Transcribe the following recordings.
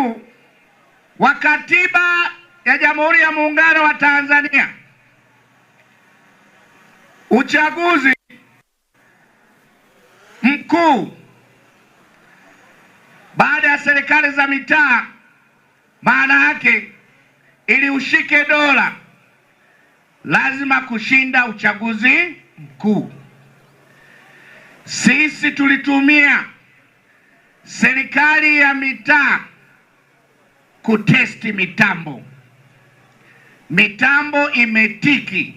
mujibu wa katiba ya Jamhuri ya Muungano wa Tanzania, uchaguzi mkuu baada ya serikali za mitaa, maana yake ili ushike dola lazima kushinda uchaguzi mkuu. Sisi tulitumia serikali ya mitaa kutesti mitambo. Mitambo imetiki,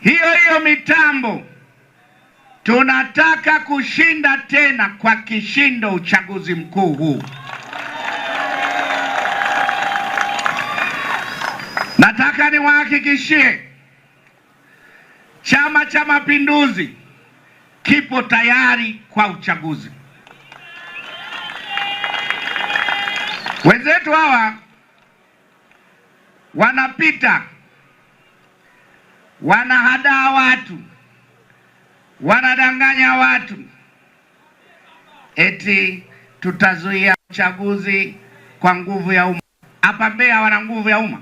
hiyo hiyo mitambo. Tunataka kushinda tena kwa kishindo uchaguzi mkuu huu. Nataka niwahakikishie Chama cha Mapinduzi kipo tayari kwa uchaguzi. Wenzetu hawa wanapita, wanahadaa watu, wanadanganya watu eti tutazuia uchaguzi kwa nguvu ya umma. Hapa Mbeya wana nguvu ya umma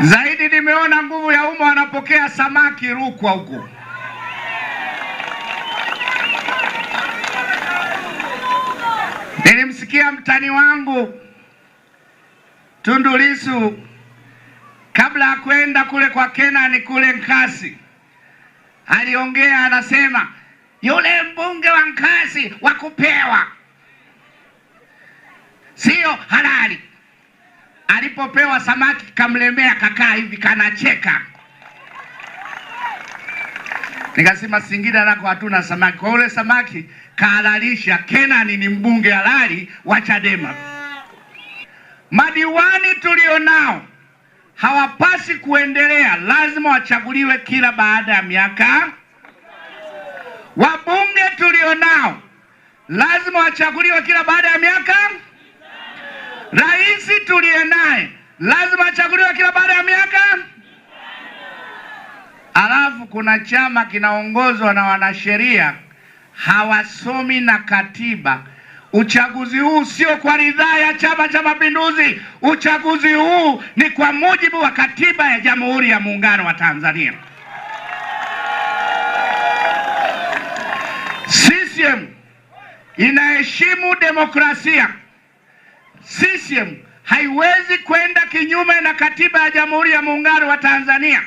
zaidi, nimeona nguvu ya umma wanapokea samaki Rukwa huko kumwandikia mtani wangu Tundu Lissu kabla ya kwenda kule kwa Kenani kule Nkasi, aliongea anasema, yule mbunge wa Nkasi wa kupewa sio halali. Alipopewa samaki kamlemea, kakaa hivi kanacheka. Nikasema Singida nako hatuna samaki, kwa ule samaki kahalalisha Kenani ni mbunge halali wa Chadema. Madiwani tulionao hawapasi kuendelea, lazima wachaguliwe kila baada ya miaka. Wabunge tulionao lazima wachaguliwe kila baada ya miaka. Raisi tuliye naye lazima achaguliwe kila baada ya miaka. Alafu kuna chama kinaongozwa na wanasheria hawasomi na katiba. Uchaguzi huu sio kwa ridhaa ya Chama cha Mapinduzi. Uchaguzi huu ni kwa mujibu wa katiba ya Jamhuri ya Muungano wa Tanzania. CCM inaheshimu demokrasia. CCM haiwezi kwenda kinyume na katiba ya Jamhuri ya Muungano wa Tanzania.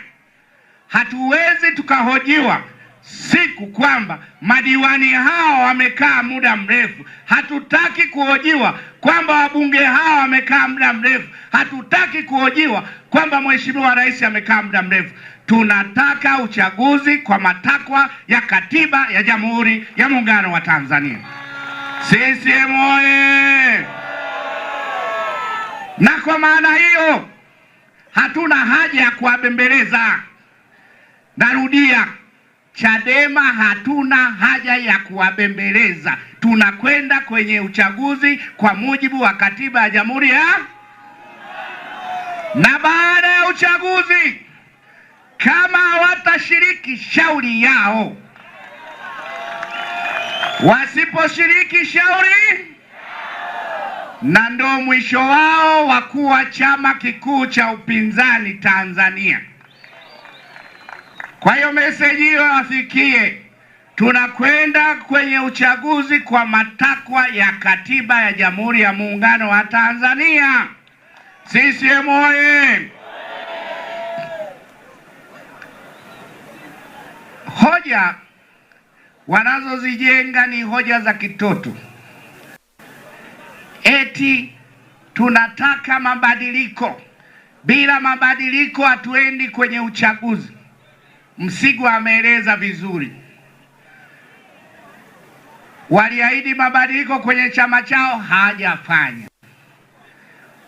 Hatuwezi tukahojiwa siku kwamba madiwani hao wamekaa muda mrefu, hatutaki kuhojiwa kwamba wabunge hao wamekaa muda mrefu, hatutaki kuhojiwa kwamba mheshimiwa rais amekaa muda mrefu. Tunataka uchaguzi kwa matakwa ya katiba ya Jamhuri ya Muungano wa Tanzania. CCM oye! Na kwa maana hiyo hatuna haja ya kuwabembeleza. Narudia, Chadema hatuna haja ya kuwabembeleza. Tunakwenda kwenye uchaguzi kwa mujibu wa katiba ya Jamhuri ya na baada ya uchaguzi kama hawatashiriki shauri yao, wasiposhiriki shauri na ndo mwisho wao wa kuwa chama kikuu cha upinzani Tanzania. Kwa hiyo meseji hiyo wafikie, tunakwenda kwenye uchaguzi kwa matakwa ya katiba ya Jamhuri ya Muungano wa Tanzania. CCM oye! Hoja wanazozijenga ni hoja za kitoto, eti tunataka mabadiliko, bila mabadiliko hatuendi kwenye uchaguzi. Msigwa ameeleza vizuri, waliahidi mabadiliko kwenye chama chao, hajafanya.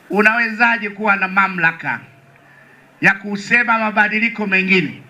Unawezaje kuwa na mamlaka ya kusema mabadiliko mengine